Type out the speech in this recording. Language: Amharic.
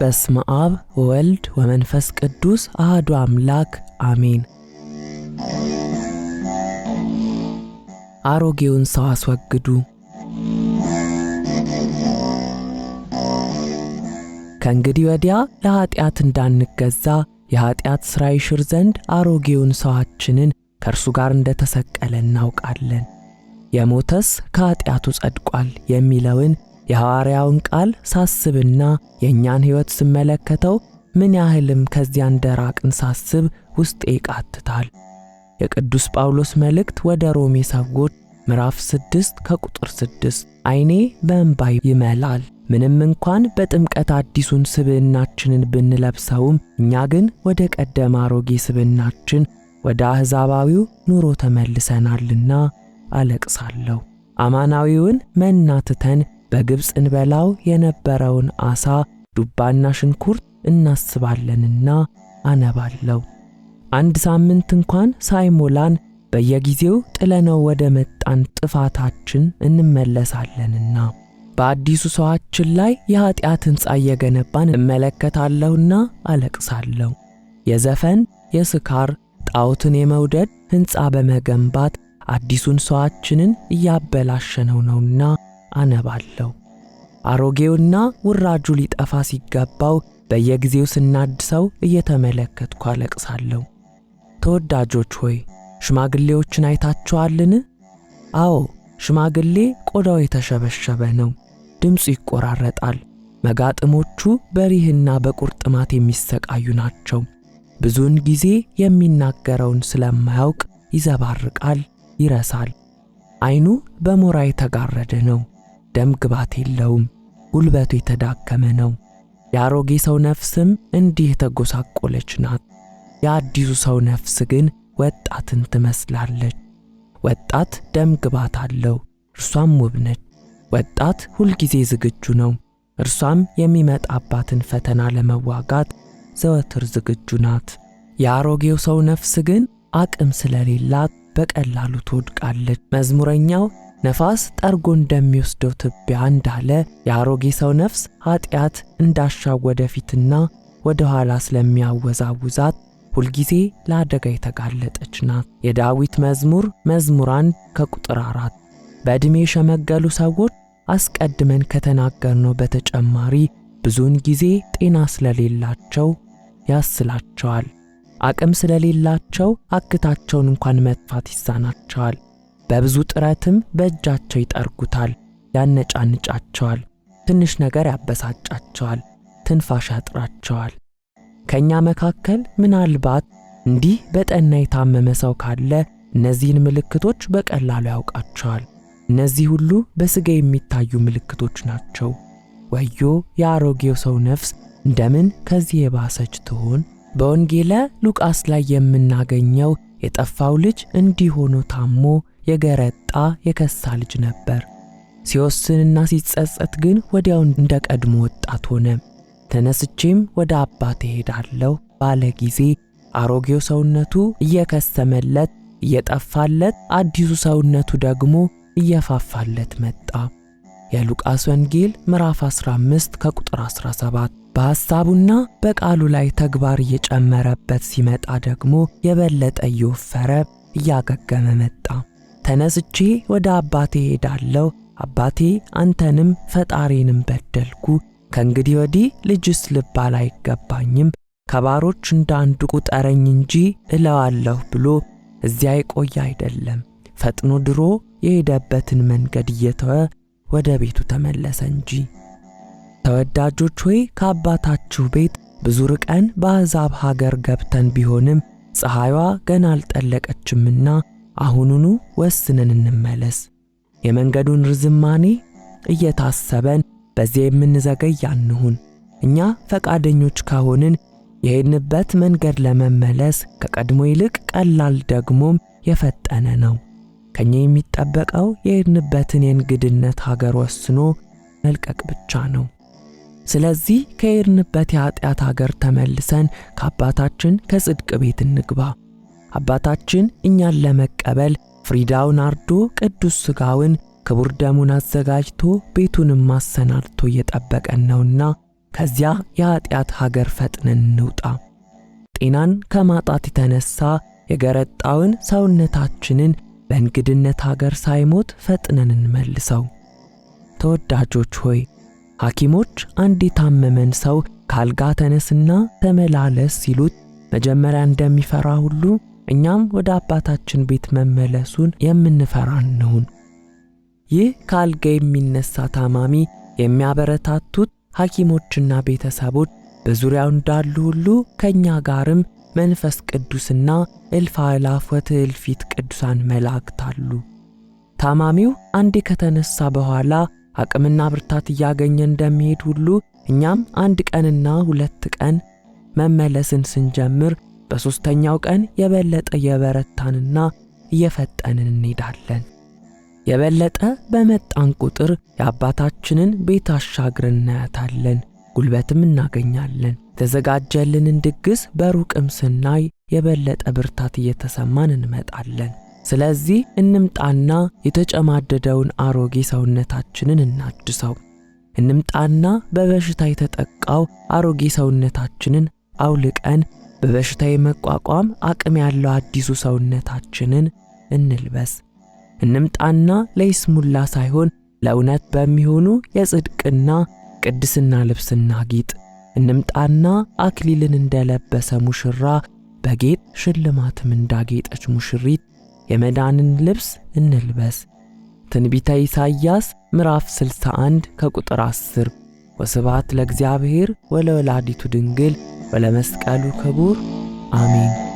በስመ አብ ወወልድ ወመንፈስ ቅዱስ አህዱ አምላክ አሜን። አሮጌውን ሰው አስወግዱ። ከእንግዲህ ወዲያ ለኀጢአት እንዳንገዛ የኀጢአት ሥራ ይሽር ዘንድ አሮጌውን ሰዋችንን ከእርሱ ጋር እንደ ተሰቀለ እናውቃለን። የሞተስ ከኀጢአቱ ጸድቋል የሚለውን የሐዋርያውን ቃል ሳስብና የእኛን ሕይወት ስመለከተው ምን ያህልም ከዚያ እንደራቅን ሳስብ ውስጤ ይቃትታል። የቅዱስ ጳውሎስ መልእክት ወደ ሮሜ ሰዎች ምዕራፍ 6 ከቁጥር 6 አይኔ በእንባ ይመላል። ምንም እንኳን በጥምቀት አዲሱን ስብዕናችንን ብንለብሰውም እኛ ግን ወደ ቀደመ አሮጌ ስብዕናችን ወደ አሕዛባዊው ኑሮ ተመልሰናልና አለቅሳለሁ። አማናዊውን መናትተን በግብፅ እንበላው የነበረውን ዓሣ ዱባና ሽንኩርት እናስባለንና አነባለው። አንድ ሳምንት እንኳን ሳይሞላን በየጊዜው ጥለነው ወደ መጣን ጥፋታችን እንመለሳለንና በአዲሱ ሰዋችን ላይ የኀጢአት ሕንፃ እየገነባን እመለከታለሁና አለቅሳለሁ። የዘፈን የስካር ጣዖትን የመውደድ ሕንፃ በመገንባት አዲሱን ሰዋችንን እያበላሸነው ነውና አነባለሁ። አሮጌውና ውራጁ ሊጠፋ ሲገባው በየጊዜው ስናድሰው እየተመለከትኩ አለቅሳለሁ። ተወዳጆች ሆይ ሽማግሌዎችን አይታችኋልን? አዎ፣ ሽማግሌ ቆዳው የተሸበሸበ ነው፣ ድምፁ ይቆራረጣል። መጋጥሞቹ በሪህና በቁርጥማት የሚሰቃዩ ናቸው። ብዙውን ጊዜ የሚናገረውን ስለማያውቅ ይዘባርቃል፣ ይረሳል። አይኑ በሞራ የተጋረደ ነው። ደም ግባት የለውም፣ ጉልበቱ የተዳከመ ነው። የአሮጌ ሰው ነፍስም እንዲህ የተጎሳቆለች ናት። የአዲሱ ሰው ነፍስ ግን ወጣትን ትመስላለች። ወጣት ደም ግባት አለው፣ እርሷም ውብ ነች። ወጣት ሁልጊዜ ዝግጁ ነው፣ እርሷም የሚመጣባትን ፈተና ለመዋጋት ዘወትር ዝግጁ ናት። የአሮጌው ሰው ነፍስ ግን አቅም ስለሌላት በቀላሉ ትወድቃለች። መዝሙረኛው ነፋስ ጠርጎ እንደሚወስደው ትቢያ እንዳለ የአሮጌ ሰው ነፍስ ኃጢአት እንዳሻው ወደፊትና ወደ ኋላ ስለሚያወዛውዛት ሁልጊዜ ለአደጋ የተጋለጠች ናት። የዳዊት መዝሙር መዝሙር አንድ ከቁጥር አራት በዕድሜ የሸመገሉ ሰዎች አስቀድመን ከተናገርነው በተጨማሪ ብዙውን ጊዜ ጤና ስለሌላቸው ያስላቸዋል። አቅም ስለሌላቸው አክታቸውን እንኳን መጥፋት ይሳናቸዋል። በብዙ ጥረትም በእጃቸው ይጠርጉታል፣ ያነጫንጫቸዋል፣ ትንሽ ነገር ያበሳጫቸዋል፣ ትንፋሽ ያጥራቸዋል። ከእኛ መካከል ምናልባት እንዲህ በጠና የታመመ ሰው ካለ እነዚህን ምልክቶች በቀላሉ ያውቃቸዋል። እነዚህ ሁሉ በሥጋ የሚታዩ ምልክቶች ናቸው። ወዮ የአሮጌው ሰው ነፍስ እንደምን ከዚህ የባሰች ትሆን? በወንጌለ ሉቃስ ላይ የምናገኘው የጠፋው ልጅ እንዲህ ሆኖ ታሞ የገረጣ የከሳ ልጅ ነበር። ሲወስንና ሲጸጸት ግን ወዲያው እንደ ቀድሞ ወጣት ሆነ። ተነስቼም ወደ አባቴ ሄዳለሁ ባለ ጊዜ አሮጌው ሰውነቱ እየከሰመለት እየጠፋለት፣ አዲሱ ሰውነቱ ደግሞ እየፋፋለት መጣ። የሉቃስ ወንጌል ምዕራፍ 15 ከቁጥር 17። በሐሳቡና በቃሉ ላይ ተግባር እየጨመረበት ሲመጣ ደግሞ የበለጠ እየወፈረ እያገገመ መጣ። ተነስቼ ወደ አባቴ ሄዳለሁ። አባቴ አንተንም ፈጣሪንም በደልኩ። ከእንግዲህ ወዲህ ልጅስ ልባል አይገባኝም። ከባሮች እንደ አንዱ ቁጠረኝ እንጂ እለዋለሁ ብሎ እዚያ የቆየ አይደለም። ፈጥኖ ድሮ የሄደበትን መንገድ እየተወ ወደ ቤቱ ተመለሰ እንጂ። ተወዳጆች ሆይ ከአባታችሁ ቤት ብዙ ርቀን በአሕዛብ ሀገር ገብተን ቢሆንም ፀሐይዋ ገና አልጠለቀችምና አሁኑኑ ወስነን እንመለስ። የመንገዱን ርዝማኔ እየታሰበን በዚያ የምንዘገይ ያንሁን። እኛ ፈቃደኞች ከሆንን የሄድንበት መንገድ ለመመለስ ከቀድሞ ይልቅ ቀላል ደግሞም የፈጠነ ነው። ከኛ የሚጠበቀው የሄድንበትን የእንግድነት ሀገር ወስኖ መልቀቅ ብቻ ነው። ስለዚህ ከሄድንበት የኃጢአት ሀገር ተመልሰን ከአባታችን ከጽድቅ ቤት እንግባ። አባታችን እኛን ለመቀበል ፍሪዳውን አርዶ ቅዱስ ሥጋውን ክቡር ደሙን አዘጋጅቶ ቤቱንም ማሰናድቶ እየጠበቀን ነውና ከዚያ የኀጢአት ሀገር ፈጥነን እንውጣ። ጤናን ከማጣት የተነሣ የገረጣውን ሰውነታችንን በእንግድነት ሀገር ሳይሞት ፈጥነን እንመልሰው። ተወዳጆች ሆይ ሐኪሞች አንድ የታመመን ሰው ካልጋ ተነስና ተመላለስ ሲሉት መጀመሪያ እንደሚፈራ ሁሉ እኛም ወደ አባታችን ቤት መመለሱን የምንፈራን ነውን። ይህ ከአልጋ የሚነሳ ታማሚ የሚያበረታቱት ሐኪሞችና ቤተሰቦች በዙሪያው እንዳሉ ሁሉ ከእኛ ጋርም መንፈስ ቅዱስና እልፍ አእላፍ ወትእልፊት ቅዱሳን መላእክት አሉ። ታማሚው አንዴ ከተነሳ በኋላ አቅምና ብርታት እያገኘ እንደሚሄድ ሁሉ እኛም አንድ ቀንና ሁለት ቀን መመለስን ስንጀምር በሦስተኛው ቀን የበለጠ የበረታንና እየፈጠንን እንሄዳለን። የበለጠ በመጣን ቁጥር የአባታችንን ቤት አሻግረን እናያታለን፣ ጉልበትም እናገኛለን። የተዘጋጀልንን ድግስ በሩቅም ስናይ የበለጠ ብርታት እየተሰማን እንመጣለን። ስለዚህ እንምጣና የተጨማደደውን አሮጌ ሰውነታችንን እናድሰው። እንምጣና በበሽታ የተጠቃው አሮጌ ሰውነታችንን አውልቀን በበሽታ የመቋቋም አቅም ያለው አዲሱ ሰውነታችንን እንልበስ። እንምጣና ለይስሙላ ሳይሆን ለእውነት በሚሆኑ የጽድቅና ቅድስና ልብስና ጌጥ እንምጣና አክሊልን እንደለበሰ ሙሽራ በጌጥ ሽልማትም እንዳጌጠች ሙሽሪት የመዳንን ልብስ እንልበስ። ትንቢተ ኢሳይያስ ምዕራፍ 61 ከቁጥር 10 ወስባት ለእግዚአብሔር ወለወላዲቱ ድንግል ولمسك قالو كبور آمين